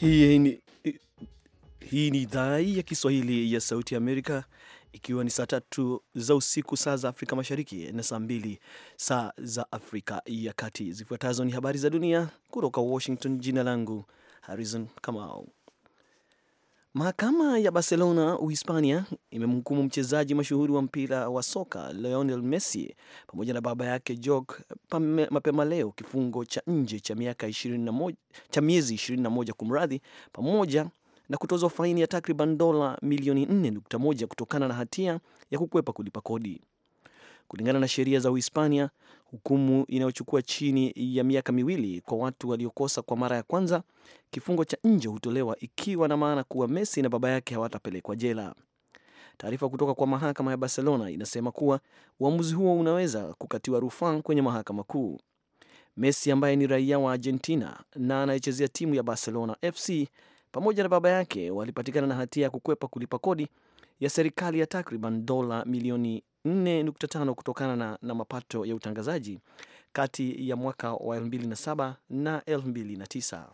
Hii ni, hii ni idhaa ya Kiswahili ya Sauti Amerika ikiwa ni saa tatu za usiku saa za Afrika Mashariki na saa mbili saa za Afrika ya Kati. Zifuatazo ni habari za dunia kutoka Washington. Jina langu Harrison Kamau. Mahakama ya Barcelona, Uhispania, imemhukumu mchezaji mashuhuri wa mpira wa soka Lionel Messi pamoja na baba yake Jorge mapema leo kifungo cha nje cha miaka 21, cha miezi 21 kumradhi, pamoja na kutozwa faini ya takriban dola milioni 4.1 kutokana na hatia ya kukwepa kulipa kodi. Kulingana na sheria za Uhispania, hukumu inayochukua chini ya miaka miwili kwa watu waliokosa kwa mara ya kwanza. Kifungo cha nje hutolewa ikiwa na maana kuwa Messi na baba yake hawatapelekwa jela. Taarifa kutoka kwa mahakama ya Barcelona inasema kuwa uamuzi huo unaweza kukatiwa rufaa kwenye mahakama kuu. Messi ambaye ni raia wa Argentina na anayechezea timu ya Barcelona FC pamoja na baba yake walipatikana na hatia ya kukwepa kulipa kodi ya serikali ya takriban dola milioni 4.5 kutokana na, na mapato ya utangazaji kati ya mwaka wa 2007 na 2009.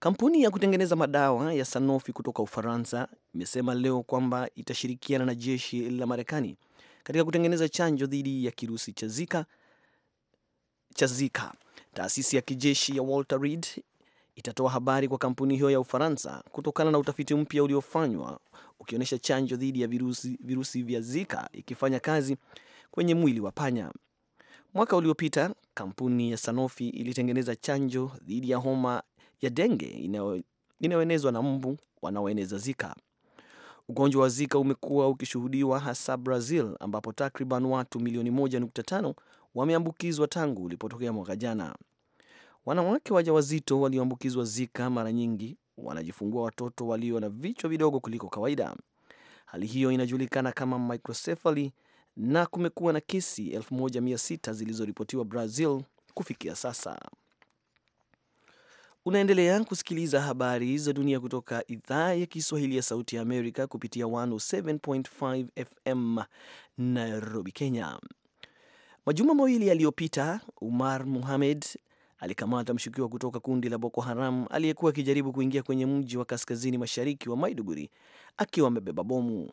Kampuni ya kutengeneza madawa ya Sanofi kutoka Ufaransa imesema leo kwamba itashirikiana na jeshi la Marekani katika kutengeneza chanjo dhidi ya kirusi cha Zika cha Zika. Taasisi ya kijeshi ya Walter Reed itatoa habari kwa kampuni hiyo ya Ufaransa kutokana na utafiti mpya uliofanywa ukionyesha chanjo dhidi ya virusi, virusi vya Zika ikifanya kazi kwenye mwili wa panya. Mwaka uliopita kampuni ya Sanofi ilitengeneza chanjo dhidi ya homa ya denge inayoenezwa na mbu wanaoeneza Zika. Ugonjwa wa Zika umekuwa ukishuhudiwa hasa Brazil, ambapo takriban watu milioni 1.5 wameambukizwa tangu ulipotokea mwaka jana. Wanawake wajawazito walioambukizwa Zika mara nyingi wanajifungua watoto walio na vichwa vidogo kuliko kawaida. Hali hiyo inajulikana kama microcephaly na kumekuwa na kesi 1600 zilizoripotiwa Brazil kufikia sasa. Unaendelea kusikiliza habari za dunia kutoka idhaa ya Kiswahili ya Sauti ya Amerika kupitia 107.5 FM Nairobi, Kenya. Majuma mawili yaliyopita, Umar muhamed alikamata mshukiwa kutoka kundi la Boko Haram aliyekuwa akijaribu kuingia kwenye mji wa kaskazini mashariki wa Maiduguri akiwa amebeba bomu.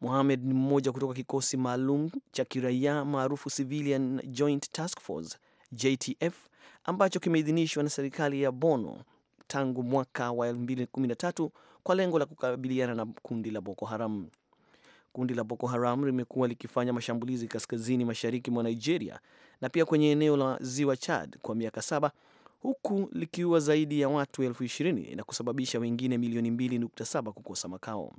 Mohamed ni mmoja kutoka kikosi maalum cha kiraia maarufu Civilian Joint Task Force JTF ambacho kimeidhinishwa na serikali ya Bono tangu mwaka wa 2013 kwa lengo la kukabiliana na kundi la Boko Haram. Kundi la Boko Haram limekuwa likifanya mashambulizi kaskazini mashariki mwa Nigeria na pia kwenye eneo la ziwa Chad kwa miaka saba huku likiua zaidi ya watu elfu ishirini na kusababisha wengine milioni 2.7 kukosa makao.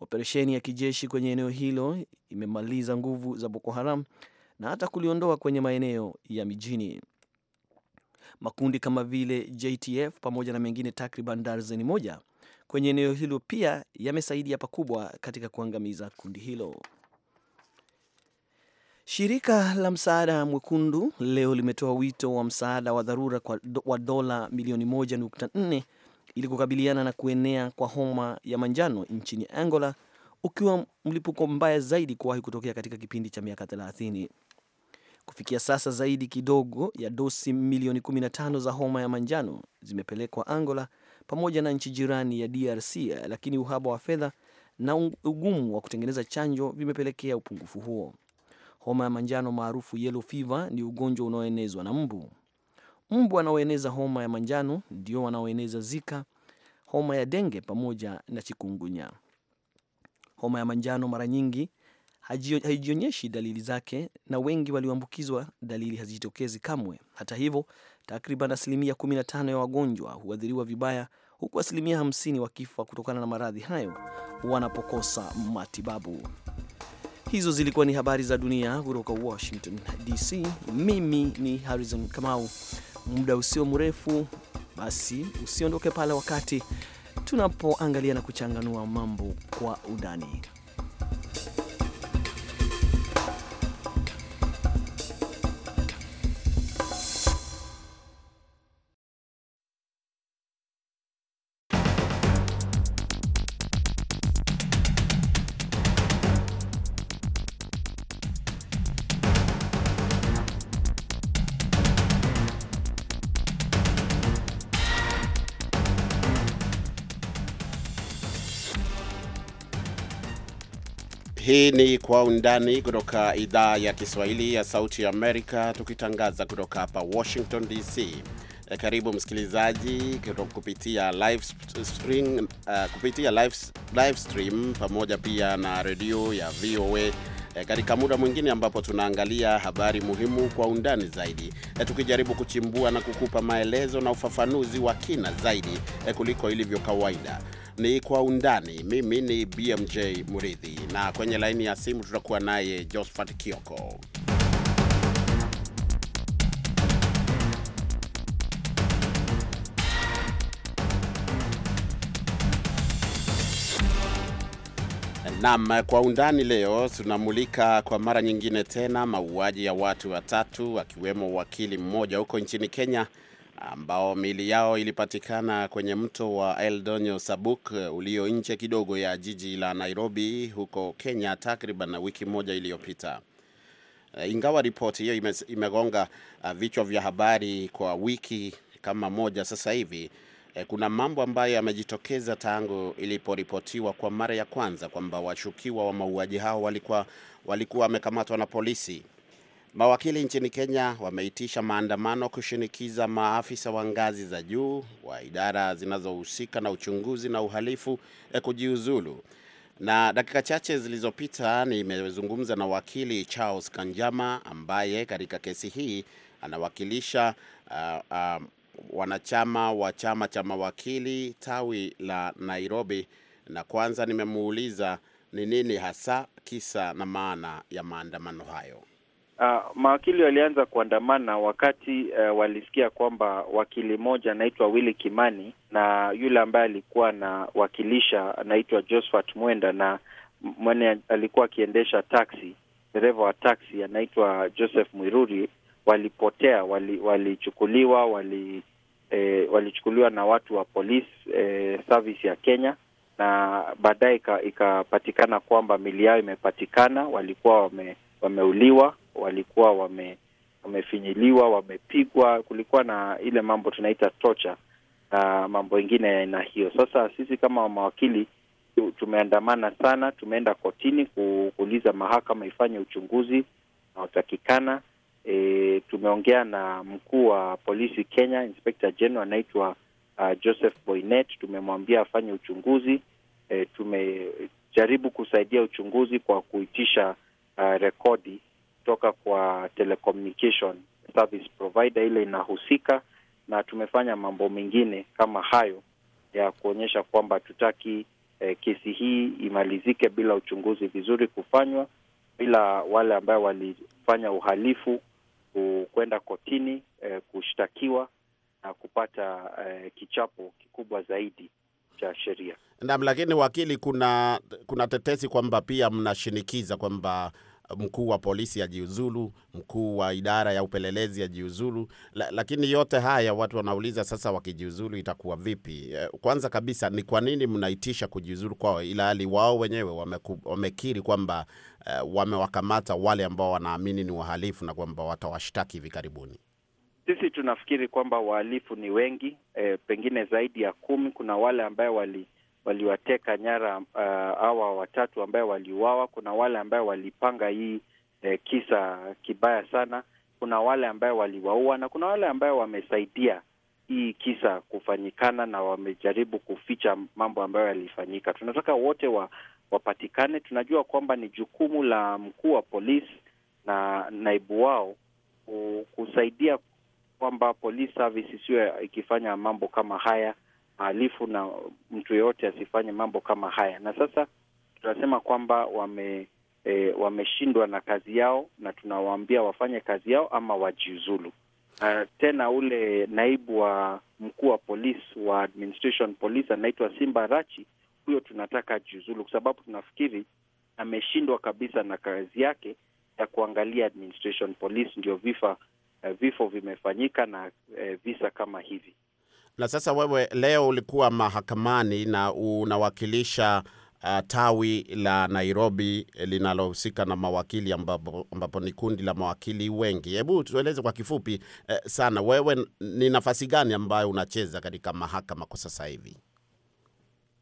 Operesheni ya kijeshi kwenye eneo hilo imemaliza nguvu za Boko Haram na hata kuliondoa kwenye maeneo ya mijini. Makundi kama vile JTF pamoja na mengine takriban darzeni moja kwenye eneo hilo pia yamesaidia pakubwa katika kuangamiza kundi hilo. Shirika la Msaada Mwekundu leo limetoa wito wa msaada wa dharura wa dola milioni 1.4 ili kukabiliana na kuenea kwa homa ya manjano nchini Angola, ukiwa mlipuko mbaya zaidi kuwahi kutokea katika kipindi cha miaka 30. Kufikia sasa zaidi kidogo ya dosi milioni 15 za homa ya manjano zimepelekwa Angola pamoja na nchi jirani ya DRC, lakini uhaba wa fedha na ugumu wa kutengeneza chanjo vimepelekea upungufu huo. Homa ya manjano maarufu yellow fever ni ugonjwa unaoenezwa na mbu. Mbu wanaoeneza homa ya manjano ndio wanaoeneza Zika, homa ya denge pamoja na chikungunya. Homa ya manjano mara nyingi haijionyeshi dalili zake na wengi walioambukizwa dalili hazijitokezi kamwe. Hata hivyo, takriban asilimia 15 ya wagonjwa huathiriwa vibaya, huku asilimia 50 wakifa kutokana na maradhi hayo wanapokosa matibabu. Hizo zilikuwa ni habari za dunia kutoka Washington DC. Mimi ni Harrison Kamau. Muda usio mrefu, basi usiondoke pale wakati tunapoangalia na kuchanganua mambo kwa undani. Hii ni Kwa Undani kutoka idhaa ya Kiswahili ya Sauti ya Amerika, tukitangaza kutoka hapa Washington DC. Eh, karibu msikilizaji kupitia live stream, uh, kupitia live, live stream pamoja pia na redio ya VOA eh, katika muda mwingine ambapo tunaangalia habari muhimu kwa undani zaidi, tukijaribu kuchimbua na kukupa maelezo na ufafanuzi wa kina zaidi kuliko ilivyo kawaida ni kwa undani. Mimi ni BMJ Muridhi, na kwenye laini ya simu tutakuwa naye Josphat Kioko. Naam, kwa undani leo tunamulika kwa mara nyingine tena mauaji ya watu watatu akiwemo wakili mmoja huko nchini Kenya ambao mili yao ilipatikana kwenye mto wa Eldonyo Sabuk ulio nje kidogo ya jiji la Nairobi huko Kenya takriban wiki moja iliyopita. Eh, ingawa ripoti hiyo imegonga eh, vichwa vya habari kwa wiki kama moja sasa hivi, eh, kuna mambo ambayo yamejitokeza tangu iliporipotiwa kwa mara ya kwanza kwamba washukiwa wa mauaji hao walikuwa walikuwa wamekamatwa na polisi. Mawakili nchini Kenya wameitisha maandamano kushinikiza maafisa wa ngazi za juu wa idara zinazohusika na uchunguzi na uhalifu eh, kujiuzulu. Na dakika chache zilizopita nimezungumza na wakili Charles Kanjama ambaye katika kesi hii anawakilisha uh, uh, wanachama wa chama cha mawakili tawi la Nairobi, na kwanza nimemuuliza ni nini hasa kisa na maana ya maandamano hayo. Uh, mawakili walianza kuandamana wakati uh, walisikia kwamba wakili mmoja anaitwa Willy Kimani na yule ambaye alikuwa anawakilisha anaitwa Josephat Mwenda na mwene alikuwa akiendesha taxi, dereva wa taxi anaitwa Joseph Mwiruri walipotea, walichukuliwa, wali eh, walichukuliwa na watu wa police eh, service ya Kenya na baadaye ikapatikana kwamba mili yao imepatikana, walikuwa wame, wameuliwa walikuwa wame, wamefinyiliwa, wamepigwa, kulikuwa na ile mambo tunaita tocha na mambo ingine ya aina hiyo. Sasa sisi kama mawakili tumeandamana sana, tumeenda kotini kuuliza mahakama ifanye uchunguzi unaotakikana. E, tumeongea na mkuu wa polisi Kenya, Inspector General anaitwa uh, Joseph Boynet. Tumemwambia afanye uchunguzi. E, tumejaribu kusaidia uchunguzi kwa kuitisha uh, rekodi kutoka kwa telecommunication service provider ile inahusika, na tumefanya mambo mengine kama hayo ya kuonyesha kwamba tutaki eh, kesi hii imalizike bila uchunguzi vizuri kufanywa, bila wale ambao walifanya uhalifu kwenda kotini eh, kushtakiwa na kupata eh, kichapo kikubwa zaidi cha sheria. Naam, lakini wakili, kuna kuna tetesi kwamba pia mnashinikiza kwamba mkuu wa polisi ajiuzulu, mkuu wa idara ya upelelezi ajiuzulu. La, lakini yote haya watu wanauliza sasa, wakijiuzulu itakuwa vipi? Eh, kwanza kabisa ni kwa nini mnaitisha kujiuzulu kwao, ila hali wao wenyewe wameku, wamekiri kwamba uh, wamewakamata wale ambao wanaamini ni wahalifu na kwamba watawashtaki hivi karibuni. Sisi tunafikiri kwamba wahalifu ni wengi, eh, pengine zaidi ya kumi. Kuna wale ambaye wali waliwateka nyara uh, hawa awa watatu ambaye waliuawa. Kuna wale ambaye walipanga hii eh, kisa kibaya sana. Kuna wale ambaye waliwaua na kuna wale ambaye wamesaidia hii kisa kufanyikana na wamejaribu kuficha mambo ambayo yalifanyika. Tunataka wote wa, wapatikane. Tunajua kwamba ni jukumu la mkuu wa polisi na naibu wao kusaidia kwamba police service isiwe ikifanya mambo kama haya mahalifu na mtu yeyote asifanye mambo kama haya. Na sasa tunasema kwamba wame e, wameshindwa na kazi yao, na tunawaambia wafanye kazi yao ama wajiuzulu. Uh, tena ule naibu wa mkuu wa polisi wa administration police anaitwa Simba Rachi, huyo tunataka ajiuzulu kwa sababu tunafikiri ameshindwa kabisa na kazi yake ya kuangalia administration police, ndio vifa uh, e, vifo vimefanyika na uh, visa kama hivi. Na sasa wewe leo ulikuwa mahakamani na unawakilisha uh, tawi la Nairobi linalohusika na mawakili ambapo, ambapo ni kundi la mawakili wengi. Hebu tueleze kwa kifupi eh, sana wewe ni nafasi gani ambayo unacheza katika mahakama kwa sasa hivi?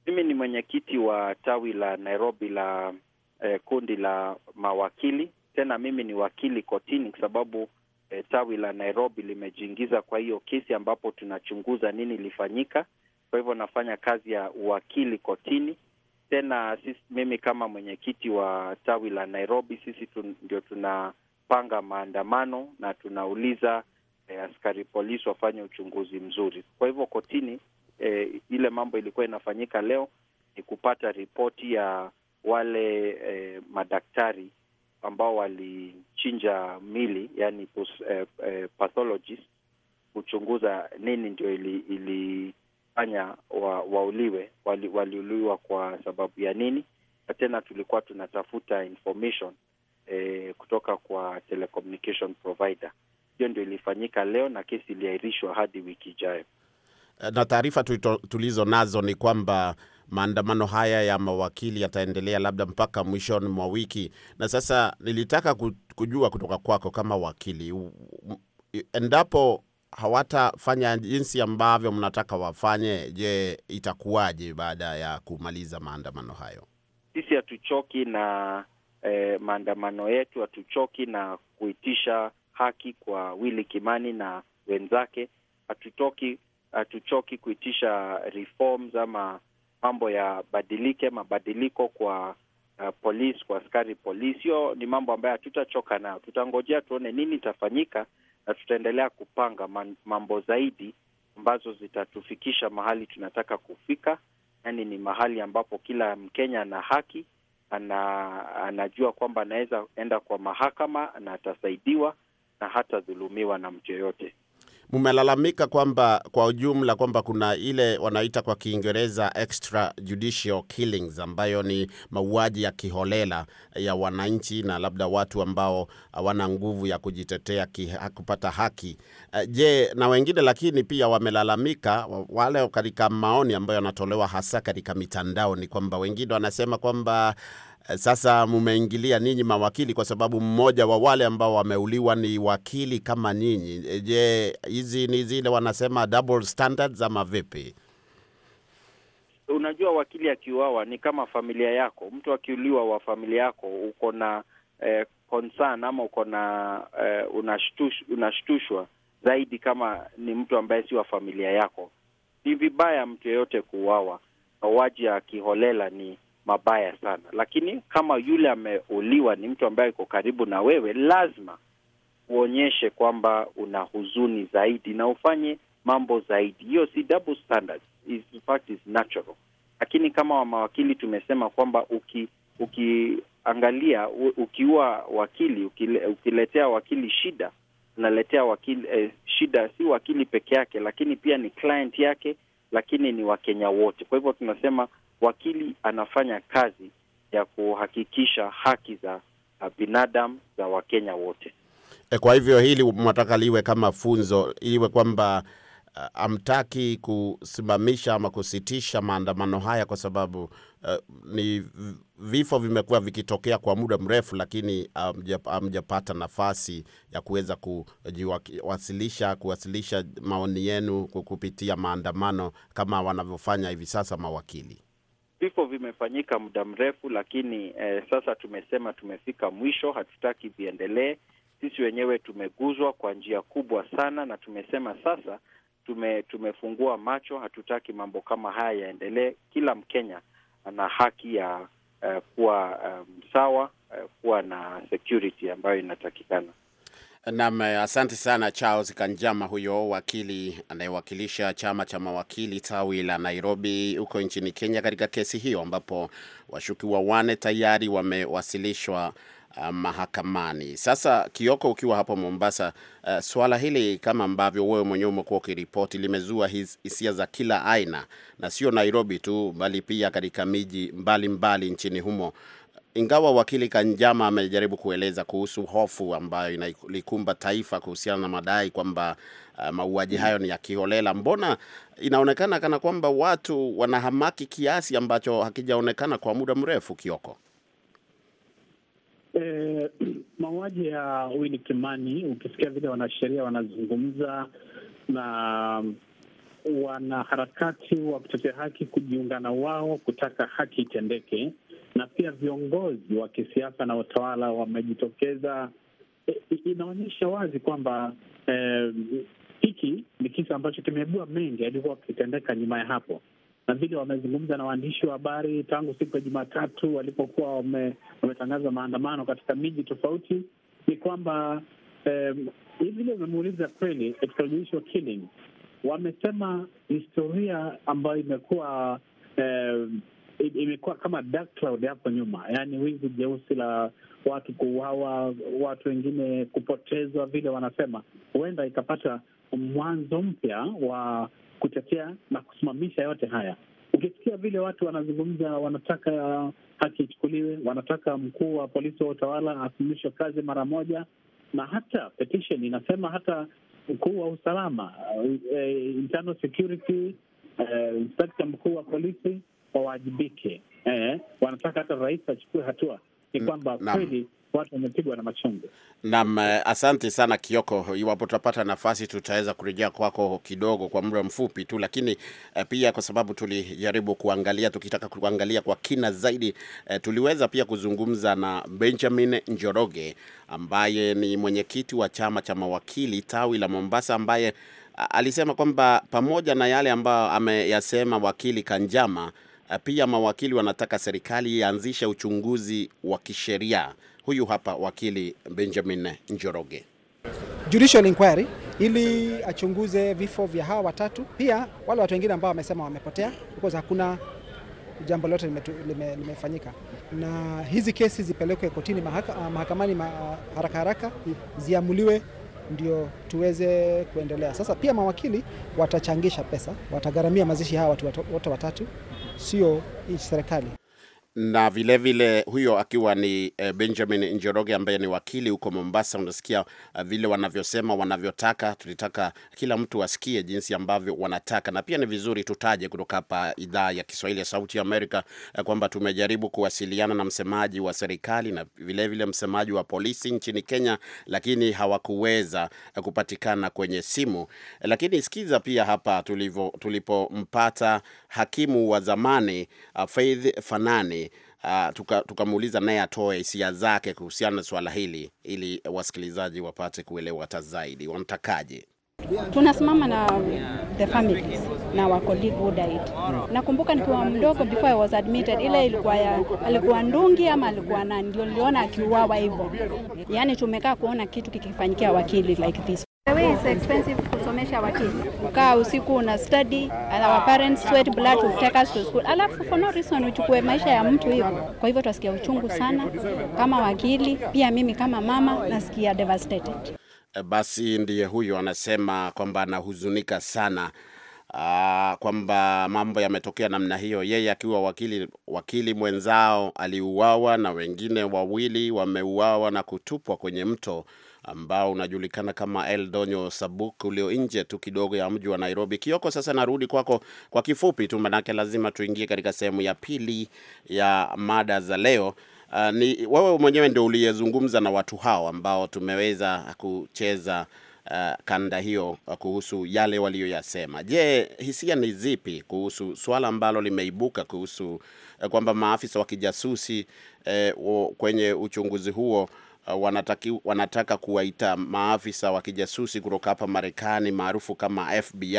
Mimi ni mwenyekiti wa tawi la Nairobi la eh, kundi la mawakili. Tena mimi ni wakili kotini kwa sababu e, tawi la Nairobi limejiingiza kwa hiyo kesi, ambapo tunachunguza nini ilifanyika. Kwa hivyo nafanya kazi ya uwakili kotini. Tena sisi, mimi kama mwenyekiti wa tawi la Nairobi, sisi tun, ndio tunapanga maandamano na tunauliza e, askari polisi wafanye uchunguzi mzuri. Kwa hivyo kotini, e, ile mambo ilikuwa inafanyika leo ni kupata ripoti ya wale e, madaktari ambao walichinja mili, yani pos, eh, eh, pathologist kuchunguza nini ndio ilifanya ili wa, wauliwe wali, waliuliwa kwa sababu ya nini, na tena tulikuwa tunatafuta information eh, kutoka kwa telecommunication provider. Hiyo ndio ilifanyika leo na kesi iliahirishwa hadi wiki ijayo eh, na taarifa tulizo nazo ni kwamba maandamano haya ya mawakili yataendelea labda mpaka mwishoni mwa wiki. Na sasa nilitaka kujua kutoka kwako kama wakili, endapo hawatafanya jinsi ambavyo mnataka wafanye, je, itakuwaje baada ya kumaliza maandamano hayo? Sisi hatuchoki na eh, maandamano yetu, hatuchoki na kuitisha haki kwa wili Kimani na wenzake. Hatutoki, hatuchoki kuitisha reforms ama mambo yabadilike, mabadiliko kwa uh, polisi, kwa askari polisi. Hiyo ni mambo ambayo hatutachoka nayo, tutangojea tuone nini itafanyika, na tutaendelea kupanga man, mambo zaidi ambazo zitatufikisha mahali tunataka kufika, yani ni mahali ambapo kila Mkenya ana haki, ana, anajua kwamba anaweza enda kwa mahakama na atasaidiwa na hatadhulumiwa na mtu yoyote mumelalamika kwamba kwa ujumla kwamba kuna ile wanaita kwa Kiingereza judicial killings ambayo ni mauaji ya kiholela ya wananchi na labda watu ambao hawana nguvu ya kujitetea ki, kupata haki. Eh, je, na wengine lakini pia wamelalamika wale katika maoni ambayo yanatolewa hasa katika mitandao ni kwamba wengine wanasema kwamba sasa mumeingilia ninyi mawakili, kwa sababu mmoja wa wale ambao wameuliwa ni wakili kama nyinyi. E, je, hizi ni zile wanasema double standards ama vipi? Unajua, wakili akiuawa ni kama familia yako. Mtu akiuliwa wa familia yako uko na eh, concern ama uko na eh, unashtushwa zaidi kama ni mtu ambaye si wa familia yako. Ni vibaya mtu yeyote kuuawa. Mauaji ya kiholela ni mabaya sana, lakini kama yule ameuliwa ni mtu ambaye iko karibu na wewe, lazima uonyeshe kwamba una huzuni zaidi na ufanye mambo zaidi. Hiyo si double standard, is fact is natural. Lakini kama wa mawakili tumesema kwamba uki ukiangalia ukiua wakili ukile, ukiletea wakili shida unaletea wakili eh, shida si wakili peke yake, lakini pia ni client yake, lakini ni Wakenya wote. Kwa hivyo tunasema wakili anafanya kazi ya kuhakikisha haki za uh, binadamu za Wakenya wote. E, kwa hivyo hili mwataka liwe kama funzo, iwe kwamba uh, amtaki kusimamisha ama kusitisha maandamano haya kwa sababu uh, ni vifo vimekuwa vikitokea kwa muda mrefu, lakini hamjapata um, um, nafasi ya kuweza kujiwasilisha, kuwasilisha maoni yenu kupitia maandamano kama wanavyofanya hivi sasa mawakili vifo vimefanyika muda mrefu, lakini eh, sasa tumesema tumefika mwisho, hatutaki viendelee. Sisi wenyewe tumeguzwa kwa njia kubwa sana, na tumesema sasa tume, tumefungua macho, hatutaki mambo kama haya yaendelee. Kila Mkenya ana haki ya eh, kuwa msawa eh, sawa eh, kuwa na security ambayo inatakikana. Naam, asante sana Charles Kanjama, huyo wakili anayewakilisha chama cha mawakili tawi la Nairobi huko nchini Kenya katika kesi hiyo ambapo washukiwa wane tayari wamewasilishwa uh, mahakamani. Sasa Kioko, ukiwa hapo Mombasa, uh, swala hili kama ambavyo wewe mwenyewe umekuwa ukiripoti limezua hisia za kila aina, na sio Nairobi tu, bali pia katika miji mbalimbali mbali nchini humo ingawa wakili Kanjama amejaribu kueleza kuhusu hofu ambayo inalikumba taifa kuhusiana na madai kwamba uh, mauaji hayo ni ya kiholela, mbona inaonekana kana kwamba watu wanahamaki kiasi ambacho hakijaonekana kwa muda mrefu, Kioko? E, mauaji ya Winnie Kimani, ukisikia vile wanasheria wanazungumza na um, wanaharakati wa kutetea haki kujiungana wao kutaka haki itendeke na pia viongozi wa kisiasa na utawala wamejitokeza. E, inaonyesha wazi kwamba e, hiki e, ni kisa ambacho kimeibua mengi yalikuwa akitendeka nyuma ya hapo, na vile wamezungumza na waandishi wa habari tangu siku ya Jumatatu walipokuwa wame, wametangaza maandamano katika miji tofauti, ni kwamba e, hii vile umemuuliza kweli, extrajudicial killing wamesema historia ambayo imekuwa e, imekuwa kama dark cloud hapo nyuma, yaani wizi jeusi la watu kuuawa, watu wengine kupotezwa, vile wanasema, huenda ikapata mwanzo mpya wa kutetea na kusimamisha yote haya. Ukisikia vile watu wanazungumza, wanataka haki ichukuliwe, wanataka mkuu wa polisi wa utawala asimamishwe kazi mara moja, na hata petition inasema hata mkuu wa usalama, eh, internal security, eh, inspekta mkuu wa polisi wawajibike eh, wanataka hata rais achukue hatua. Ni kwamba kweli watu wamepigwa na machungu. Naam, eh, asante sana Kioko. Iwapo tutapata nafasi, tutaweza kurejea kwako kidogo kwa muda mfupi tu, lakini eh, pia kwa sababu tulijaribu kuangalia, tukitaka kuangalia kwa kina zaidi, eh, tuliweza pia kuzungumza na Benjamin Njoroge ambaye ni mwenyekiti wa chama cha mawakili tawi la Mombasa, ambaye alisema kwamba pamoja na yale ambayo ameyasema wakili Kanjama Eh, pia mawakili wanataka serikali ianzishe uchunguzi wa kisheria. Huyu hapa wakili Benjamin Njoroge. Judicial inquiry ili achunguze vifo vya hawa watatu, pia wale watu wengine ambao wamesema wamepotea, because hakuna jambo lote lime, limefanyika na hizi kesi zipelekwe kotini mahaka, ah, mahakamani ma, haraka haraka ziamuliwe ndio tuweze kuendelea. Sasa pia mawakili watachangisha pesa, watagharamia mazishi hawa watu wote watatu CEO e Stracali. na vilevile vile huyo akiwa ni eh, Benjamin Njoroge ambaye ni wakili huko Mombasa. Unasikia eh, vile wanavyosema, wanavyotaka. Tulitaka kila mtu asikie jinsi ambavyo wanataka, na pia ni vizuri tutaje kutoka hapa idhaa ya Kiswahili ya Sauti ya Amerika eh, kwamba tumejaribu kuwasiliana na msemaji wa serikali na vilevile vile msemaji wa polisi nchini Kenya, lakini hawakuweza kupatikana kwenye simu. Lakini sikiza pia hapa tulipompata hakimu wa zamani Faith Fanani uh, tukamuuliza tuka naye atoe hisia zake kuhusiana na swala hili ili wasikilizaji wapate kuelewa hata zaidi wanatakaje. Tunasimama na the families na wa colleague Nakumbuka nikiwa mdogo before I was admitted, ile ilikuwa ya, alikuwa ndungi ama alikuwa nani, ndio niliona akiuawa hivyo. Yaani tumekaa kuona kitu kikifanyikia wakili like this. It's expensive kusomesha watoto. Ukaa usiku una study, our parents sweat blood to take us to school. Alafu for no reason uchukue maisha ya mtu hivyo. Kwa hivyo tunasikia uchungu sana kama wakili, pia mimi kama mama nasikia devastated. Eh, basi ndiye huyu anasema kwamba anahuzunika sana ah, kwamba mambo yametokea namna hiyo, yeye akiwa wakili, wakili mwenzao aliuawa na wengine wawili wameuawa na kutupwa kwenye mto ambao unajulikana kama Eldonyo Sabuk ulio nje tu kidogo ya mji wa Nairobi. Kioko, sasa narudi kwako kwa, kifupi tu, manake lazima tuingie katika sehemu ya pili ya mada za leo. Uh, ni wewe mwenyewe ndio uliyezungumza na watu hao ambao tumeweza kucheza uh, kanda hiyo kuhusu yale waliyoyasema. Je, hisia ni zipi kuhusu swala ambalo limeibuka kuhusu uh, kwamba maafisa wa kijasusi uh, kwenye uchunguzi huo Uh, wanataki, wanataka kuwaita maafisa wa kijasusi kutoka hapa Marekani maarufu kama FBI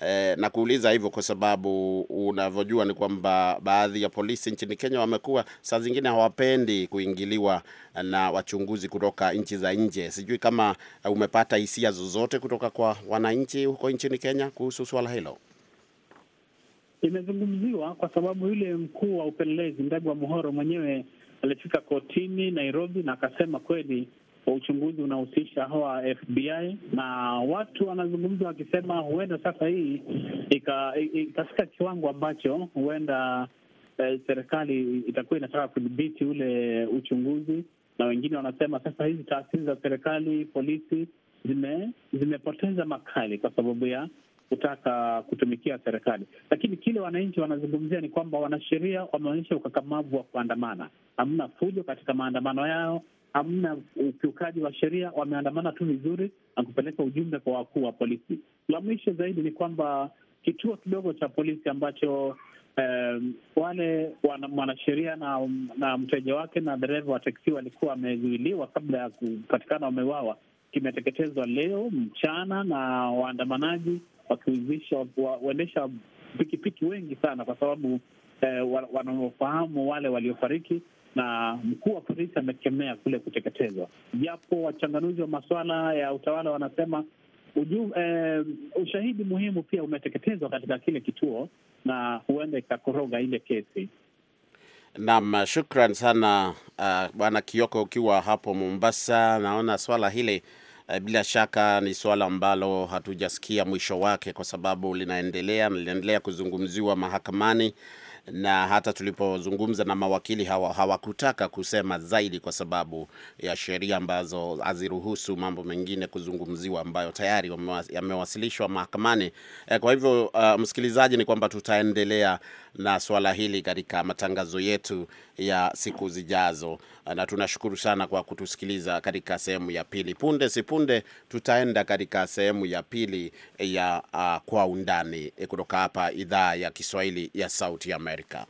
E, eh, na kuuliza hivyo kwa sababu unavyojua ni kwamba baadhi ya polisi nchini Kenya wamekuwa saa zingine hawapendi kuingiliwa na wachunguzi kutoka nchi za nje. Sijui kama uh, umepata hisia zozote kutoka kwa wananchi huko nchini Kenya kuhusu swala hilo. Imezungumziwa kwa sababu yule mkuu wa upelelezi Ndegwa Muhoro mwenyewe alifika kotini Nairobi na akasema kweli uchunguzi unahusisha hawa FBI na watu wanazungumza wakisema, huenda sasa hii ikafika kiwango ambacho huenda eh, serikali itakuwa inataka kudhibiti ule uchunguzi, na wengine wanasema sasa hizi taasisi za serikali, polisi zime- zimepoteza makali kwa sababu ya kutaka kutumikia serikali. Lakini kile wananchi wanazungumzia ni kwamba wanasheria wameonyesha ukakamavu wa kuandamana, hamna fujo katika maandamano yao, hamna ukiukaji wa sheria, wameandamana tu vizuri na kupeleka ujumbe kwa wakuu wa polisi. La mwisho zaidi ni kwamba kituo kidogo cha polisi ambacho Um, wale mwanasheria na, na mteja wake na dereva wa teksi walikuwa wamezuiliwa kabla ya kupatikana wameuawa, kimeteketezwa leo mchana na waandamanaji wakiuzisha waendesha pikipiki wengi sana, kwa sababu eh, wanaofahamu wale waliofariki na mkuu wa polisi amekemea kule kuteketezwa, japo wachanganuzi wa masuala ya utawala wanasema uju, eh, ushahidi muhimu pia umeteketezwa katika kile kituo na huenda ikakoroga ile kesi. Naam, shukran sana uh, Bwana Kioko, ukiwa hapo Mombasa. Naona swala hili Eh, bila shaka ni suala ambalo hatujasikia mwisho wake, kwa sababu linaendelea linaendelea kuzungumziwa mahakamani na hata tulipozungumza na mawakili hawa hawakutaka kusema zaidi kwa sababu ya sheria ambazo haziruhusu mambo mengine kuzungumziwa ambayo tayari yamewasilishwa mahakamani. Eh, kwa hivyo uh, msikilizaji, ni kwamba tutaendelea na swala hili katika matangazo yetu ya siku zijazo, na tunashukuru sana kwa kutusikiliza katika sehemu ya pili. Punde si punde tutaenda katika sehemu ya pili ya uh, kwa undani eh, kutoka hapa idhaa ya Kiswahili ya Sauti Amerika.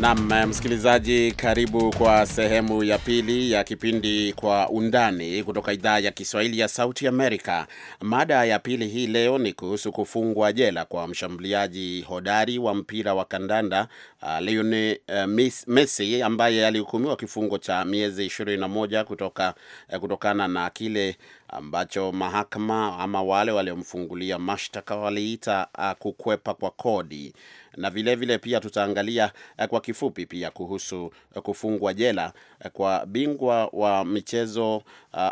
nam msikilizaji, karibu kwa sehemu ya pili ya kipindi Kwa Undani kutoka idhaa ya Kiswahili ya Sauti Amerika. Mada ya pili hii leo ni kuhusu kufungwa jela kwa mshambuliaji hodari wa mpira wa kandanda uh, Lionel uh, Messi ambaye alihukumiwa kifungo cha miezi 21 kutoka uh, kutokana na kile ambacho mahakama ama wale waliomfungulia mashtaka waliita uh, kukwepa kwa kodi na vilevile vile pia tutaangalia eh, kwa kifupi pia kuhusu eh, kufungwa jela eh, kwa bingwa wa michezo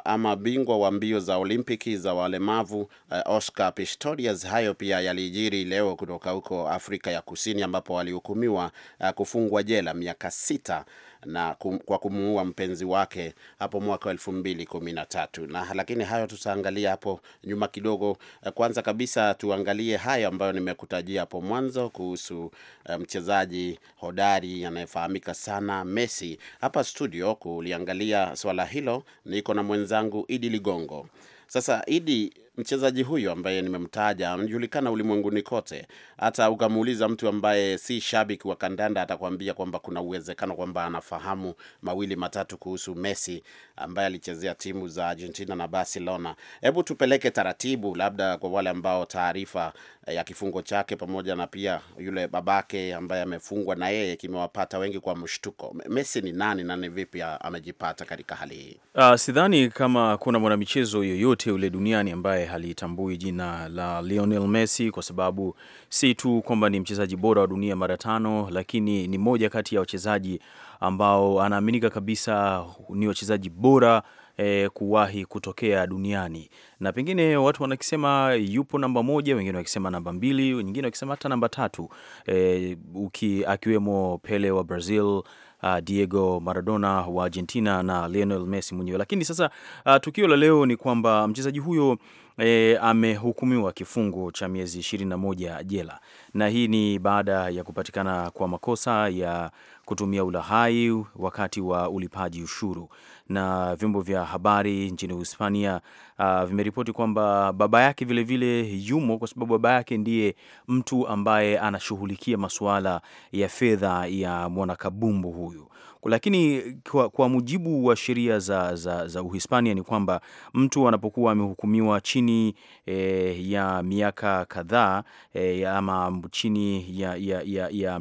ama bingwa wa mbio za Olimpiki za walemavu Oscar Pistorius. Hayo pia yalijiri leo kutoka huko Afrika ya Kusini ambapo walihukumiwa kufungwa jela miaka sita na kum, kwa kumuua mpenzi wake hapo mwaka wa elfu mbili kumi na tatu. Na lakini hayo tutaangalia hapo nyuma kidogo. Eh, kwanza kabisa tuangalie hayo ambayo nimekutajia hapo mwanzo kuhusu eh, mchezaji um, hodari anayefahamika sana Messi. Hapa studio kuliangalia swala hilo niko na mwenzangu Idi Ligongo. Sasa Idi, mchezaji huyo ambaye nimemtaja anajulikana ulimwenguni kote. Hata ukamuuliza mtu ambaye si shabiki wa kandanda, atakwambia kwamba kuna uwezekano kwamba anafahamu mawili matatu kuhusu Messi ambaye alichezea timu za Argentina na Barcelona. Hebu tupeleke taratibu, labda kwa wale ambao taarifa eh, ya kifungo chake pamoja na pia yule babake ambaye amefungwa na yeye kimewapata wengi kwa mshtuko. Messi ni nani na ni vipi amejipata katika hali hii? Uh, sidhani kama kuna mwanamichezo yoyote yule duniani ambaye halitambui jina la Lionel Messi kwa sababu si tu kwamba ni mchezaji bora wa dunia mara tano, lakini ni moja kati ya wachezaji ambao anaaminika kabisa ni wachezaji bora E, kuwahi kutokea duniani na pengine watu wanakisema yupo namba moja, wengine wakisema namba mbili, wengine wakisema hata namba tatu e, uki, akiwemo Pele wa Brazil uh, Diego Maradona wa Argentina na Lionel Messi mwenyewe. Lakini sasa uh, tukio la leo ni kwamba mchezaji huyo E, amehukumiwa kifungo cha miezi 21 jela na hii ni baada ya kupatikana kwa makosa ya kutumia ulahai wakati wa ulipaji ushuru. Na vyombo vya habari nchini Hispania uh, vimeripoti kwamba baba yake vilevile vile yumo, kwa sababu baba yake ndiye mtu ambaye anashughulikia masuala ya fedha ya mwanakabumbu huyu lakini kwa, kwa mujibu wa sheria za, za, za Uhispania ni kwamba mtu anapokuwa amehukumiwa chini e, ya miaka kadhaa e, ama chini ya, ya, ya, ya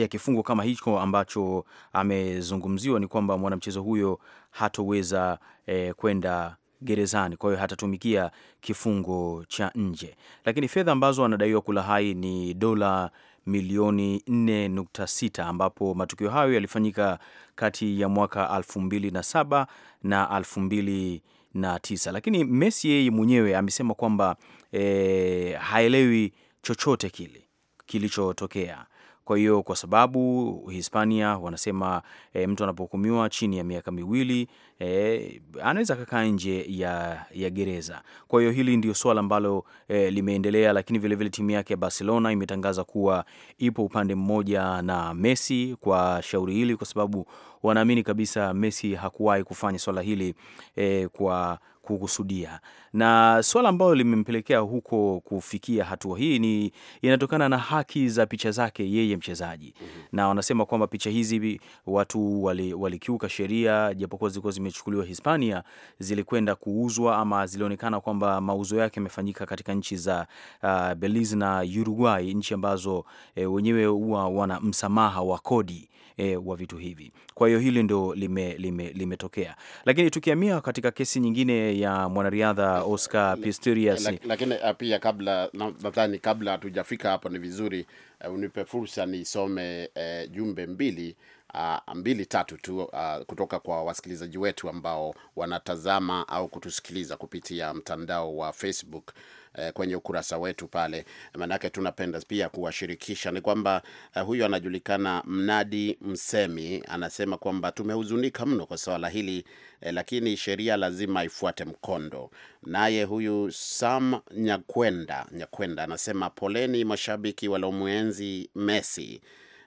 ya kifungo kama hicho ambacho amezungumziwa ni kwamba mwanamchezo huyo hatoweza eh, kwenda gerezani, kwa hiyo hatatumikia kifungo cha nje. Lakini fedha ambazo anadaiwa kula hai ni dola milioni 4.6 ambapo matukio hayo yalifanyika kati ya mwaka 2007 na 2009. Lakini Messi yeye mwenyewe amesema kwamba eh, haelewi chochote kile kilichotokea kwa hiyo kwa sababu Hispania wanasema e, mtu anapohukumiwa chini ya miaka miwili e, anaweza akakaa nje ya, ya gereza. Kwa hiyo hili ndio swala ambalo e, limeendelea, lakini vilevile timu yake ya Barcelona imetangaza kuwa ipo upande mmoja na Messi kwa shauri hili, kwa sababu wanaamini kabisa Messi hakuwahi kufanya swala hili e, kwa kukusudia. Na swala ambalo limempelekea huko kufikia hatua hii ni inatokana na haki za picha zake yeye mchezaji mm -hmm. na wanasema kwamba picha hizi watu walikiuka wali sheria, japokuwa zilikuwa zimechukuliwa Hispania, zilikwenda kuuzwa ama zilionekana kwamba mauzo yake yamefanyika katika nchi za uh, Belize na Uruguay, nchi ambazo eh, wenyewe huwa wana msamaha wa kodi e, wa vitu hivi. Kwa hiyo hili ndo limetokea lime, lime, lakini tukiamia katika kesi nyingine ya mwanariadha Oscar Pistorius, lakini eh, pia kabla nadhani kabla hatujafika hapo ni vizuri uh, unipe fursa nisome uh, jumbe mbili Uh, mbili tatu tu uh, kutoka kwa wasikilizaji wetu ambao wanatazama au kutusikiliza kupitia mtandao wa Facebook eh, kwenye ukurasa wetu pale, manake tunapenda pia kuwashirikisha. Ni kwamba eh, huyu anajulikana Mnadi Msemi, anasema kwamba tumehuzunika mno kwa swala hili eh, lakini sheria lazima ifuate mkondo. Naye huyu Sam Nyakwenda Nyakwenda anasema poleni mashabiki walomwenzi Messi.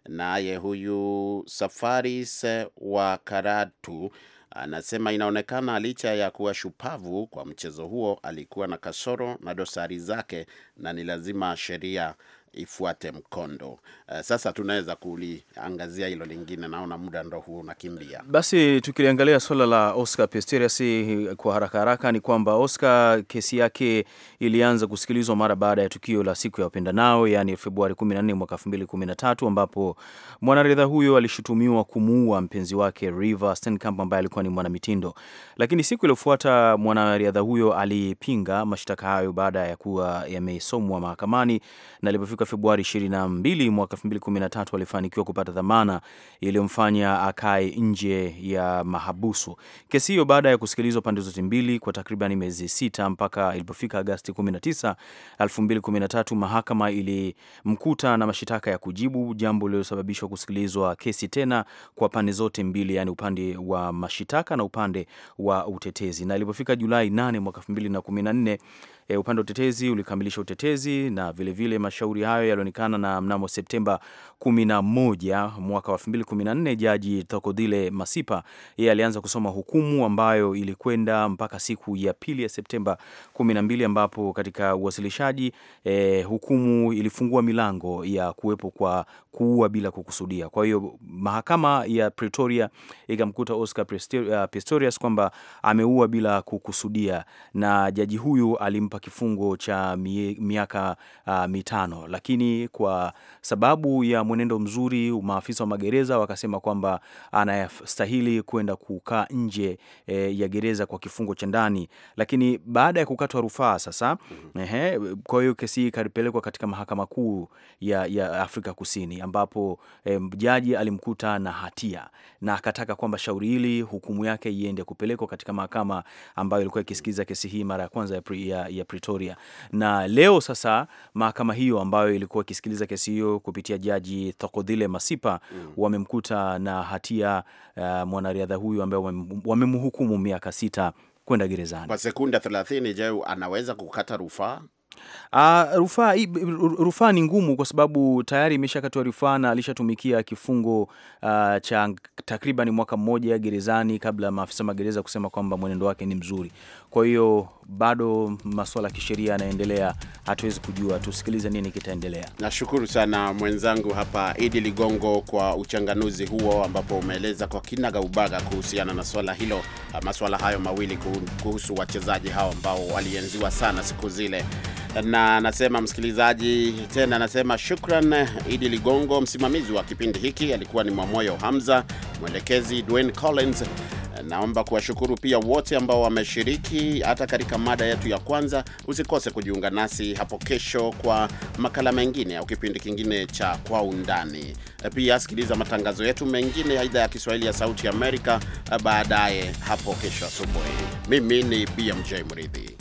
Naye huyu Safaris eh, wa Karatu Anasema inaonekana licha ya kuwa shupavu kwa mchezo huo, alikuwa na kasoro na dosari zake, na ni lazima sheria ifuate mkondo. Uh, sasa tunaweza kuliangazia hilo lingine, naona muda ndo huo unakimbia. Basi tukiliangalia swala la Oscar Pistorius kwa haraka haraka, ni kwamba Oscar kesi yake ilianza kusikilizwa mara baada ya tukio la siku ya wapenda nao, yani Februari 14 mwaka 2013, ambapo mwanariadha huyo alishutumiwa kumuua mpenzi wake River Steenkamp ambaye alikuwa ni mwanamitindo, lakini siku iliyofuata mwanariadha huyo alipinga mashtaka hayo baada ya kuwa yamesomwa mahakamani na alipofika kutoka Februari 22 mwaka 2013 alifanikiwa kupata dhamana iliyomfanya akae nje ya mahabusu. Kesi hiyo baada ya kusikilizwa pande zote mbili kwa takriban miezi sita mpaka ilipofika Agasti 19, 2013, mahakama ilimkuta na mashitaka ya kujibu, jambo lililosababishwa kusikilizwa kesi tena kwa pande zote mbili, yani upande wa mashitaka na upande wa utetezi. Na ilipofika Julai 8 mwaka 2014 E, upande wa utetezi ulikamilisha utetezi na vilevile vile mashauri hayo yalionekana, na mnamo Septemba 11 mwaka wa 2014 Jaji Tokodile Masipa yeye alianza kusoma hukumu ambayo ilikwenda mpaka siku ya pili ya Septemba 12, ambapo katika uwasilishaji e, hukumu ilifungua milango ya kuwepo kwa kuua bila kukusudia. Kwa hiyo mahakama ya Pretoria ikamkuta Oscar Pistorius uh, kwamba ameua bila kukusudia, na jaji huyu alimpa kifungo cha mie, miaka uh, mitano, lakini kwa sababu ya mwenendo mzuri maafisa wa magereza wakasema kwamba anastahili kwenda kukaa nje e, ya gereza kwa kifungo cha ndani, lakini baada ya kukatwa rufaa sasa mm -hmm. kwa hiyo kesi hii ikapelekwa katika mahakama kuu ya, ya Afrika Kusini ambapo e, jaji alimkuta na hatia na akataka kwamba shauri hili hukumu yake iende kupelekwa katika mahakama ambayo ilikuwa ikisikiza kesi hii mara ya kwanza ya, ya, ya Pretoria. Na leo sasa mahakama hiyo ambayo ilikuwa ikisikiliza kesi hiyo kupitia jaji thokodhile Masipa mm. wamemkuta na hatia uh, mwanariadha huyu ambaye wamemhukumu miaka sita kwenda gerezani kwa sekunda 30. Je, anaweza kukata rufaa? Uh, rufaa rufaa ni ngumu kwa sababu tayari imeshakatwa rufaa na alishatumikia kifungo uh, cha takriban mwaka mmoja gerezani kabla maafisa magereza kusema kwamba mwenendo wake ni mzuri. Kwa hiyo bado masuala ya kisheria yanaendelea, hatuwezi kujua, tusikilize nini kitaendelea. Nashukuru sana mwenzangu hapa Idi Ligongo kwa uchanganuzi huo, ambapo umeeleza kwa kinaga ubaga kuhusiana na swala hilo, maswala hayo mawili kuhusu wachezaji hao ambao walienziwa sana siku zile na nasema msikilizaji tena, nasema shukran Idi Ligongo. Msimamizi wa kipindi hiki alikuwa ni Mwamoyo Hamza, mwelekezi Dwayne Collins. Naomba kuwashukuru pia wote ambao wameshiriki hata katika mada yetu ya kwanza. Usikose kujiunga nasi hapo kesho kwa makala mengine au kipindi kingine cha Kwa Undani. Pia sikiliza matangazo yetu mengine ya idhaa ya Kiswahili ya Sauti Amerika baadaye hapo kesho asubuhi. Mimi ni BMJ Mridhi.